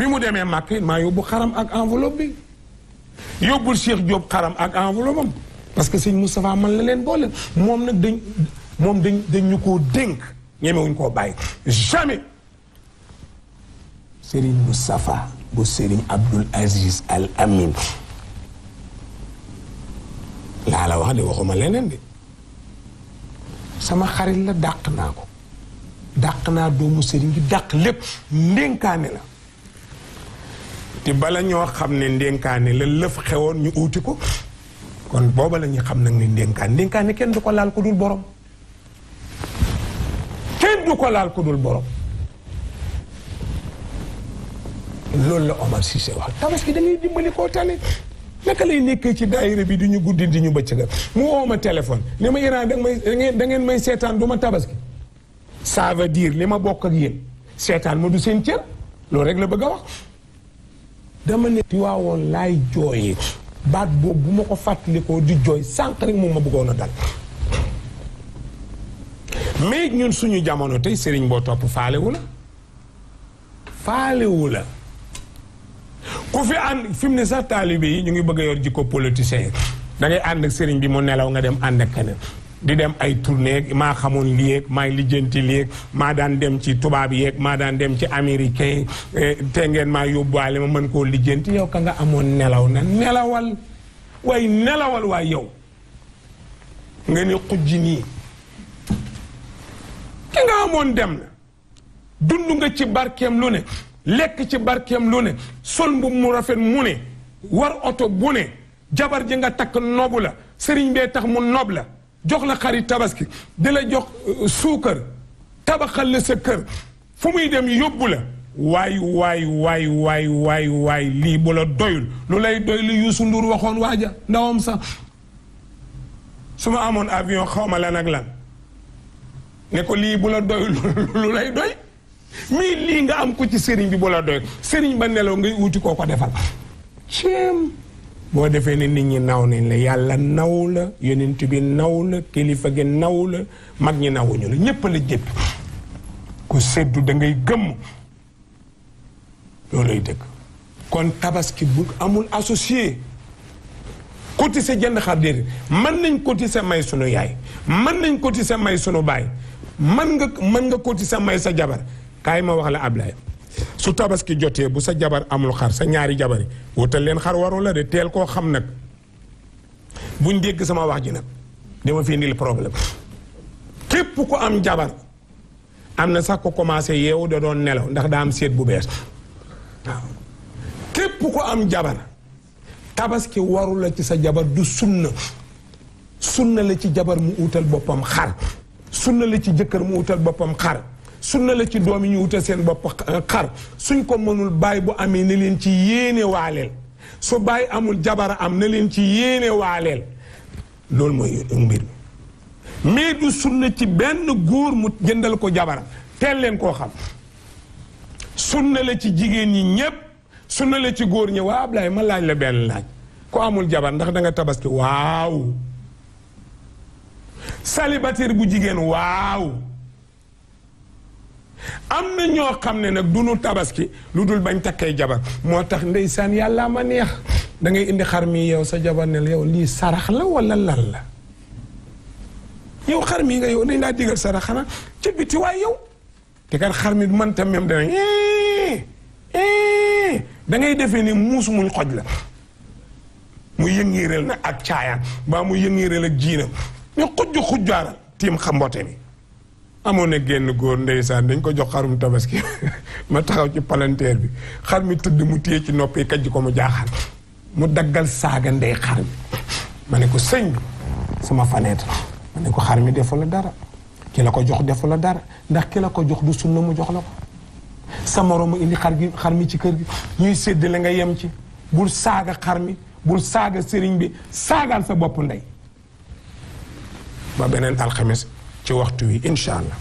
bi mu demee Màkk maa yóbbu xaram ak enveloppe bi yóbbul Cheikh Diop xaram ak enveloppe am parce que sëñ Moustapha man la boole moom nag dañ moom dañ dañ ñu koo dénk ñemewuñ koo bàyyi jamais Serigne bu Serigne Abdoul Aziz Al Amin laa la wax de waxuma leneen de sama xarit la dàq naa ko dàq naa doomu Serigne bi dàq lépp ndénkaane la te bala ñoo xam ne ndénkaane la lëf xewoon ñu uuti ko kon booba la ñu xam nag ne ndénkaan ndénkaane kenn du ko laal ko dul borom ko laal ko borom loolu la Omar Cissé wax tabaski da ngay dimbali koo tane naka lay nekkee ci daayira bi di ñu guddi di ñu bëccëgal mu woo ma téléphone ne ma Iran da ngeen da ngeen may seetaan du ma tabaski ça veut li ma bokk ak yéen seetaan ma du seen cër loolu rek la bëgg a wax dama ne Tiwaawoon laay jooyee baat boobu bu ma ko fàttalikoo di jooy sànq moom ma bëggoon a dal mais ñun suñu jamono tey sëriñ boo topp faalewu la faalewu la ku fi ànd fi ne sax taalibe yi ñu ngi bëgg a yor jikko politicien da ànd ak sëriñ bi mu nelaw nga dem ànd ak keneen di dem ay tournée maa xamoon lii yeeg maay lijjanti lii yeeg maa daan dem ci tubaab yeeg maa daan dem ci américain eh, te ngeen maa yóbbuwaale ma mën koo lijjanti yow ka nga amoon nelaw na nelawal waaye nelawal waay yow nga ne xujji nii ki nga amoon dem na dund nga ci barkeem lu ne lekk ci barkeem lu ne sol mbubb mu rafet mu ne war oto bu ne jabar ji nga takk nobu la sëriñ bee tax mu nob la jox la xarit tabaski di la jox euh, suukar tabaxal la sa kër fu muy dem yóbbu la waay waay waay waay waay waay lii bu la doyul lu lay doy lu Youssou Ndour waxoon waaja ndawam sax su ma amoon avion xawma ma lan lan ne ko lii bu la doyul lu lay doy mii lii nga am ko ci sëriñ bi bu la doy sëriñ ba nelaw ngay uuti koo ko defal ceem boo defee ne nit ñi naw nañ la yàlla naw la yonent bi naw la kilifa gi naw la mag ñi nawuñu la ñépp la jëpp ku seddu dangay gëmm gëmm looluy dëkk kon tabaski bu amul associé sa jenn xar déedéet mën nañ sa may sunu yaay mën nañ sa may sunu baay mën nga mën nga sa may sa jabar kaay ma wax la Ablaye su tabaski jotee bu sa jabar amul xar sa ñaari jabar yi leen xar waru de teel koo xam nag buñ dégg sama wax ji nag dama fi indil problème képp ku am jabar am na sax ko commencé yeewu da doon nelaw ndax daa am seet bu bees waaw képp am jabar tabaski warula ci sa jabar du sunna sunna la ci jabar mu utal boppam xar sunna la ci jëkkër mu utal boppam xar sunna la ci doom yi ñu wutal seen bopp euh, xar suñ ko mënul bàyyi boo amee na leen ci yéene waaleel su bàyyi amul jabar am na leen ci yéene waaleel loolu mooy mbir mi mais du sunna ci benn góor mu jëndal ko jabaram teel leen koo xam sunna la ci jigéen ñi ñépp sunna la ci góor ñi waa Ablaye ma laaj la benn laaj ko amul jabar ndax danga tabaski waaw célibataire bu jigéen waaw am na ñoo xam ne nag du nu tabaski lu dul bañ takkay jabar moo tax saan yàlla ma neex dangay indi xar mi yow sa jabar ne yow lii sarax la wala lan la yow xar mi nga yow dañ laa digal sarax xanaa ci biti waay yow te kat xar mi man tam même dana eh, eh. da ngay defee ni muus muñ xoj la mu yëngiiral na ak caayaan ba mu yëngiiral ak jiinam mais xujju xujjaaral tiim xam mbote mi amoon na génn góor ndeysaan dañ ko jox xarum tabaski ma taxaw ci palanteer bi xar mi tëdd mu téye ci nopp yi kaj ko mu jaaxal mu daggal saaga ndey xar mi ma ne ko sëñ bi sama fenêtre ma ne ko xar mi defu la dara ki la ko jox defu la dara ndax ki la ko jox du sunna mu jox la ko sa moroom indi xar gi xar mi ci kër gi ñuy séddale nga yem ci bul saaga xar mi bul saaga sëriñ bi saagaal sa bopp ndey ba beneen alxames ci waxtu wi incha allah.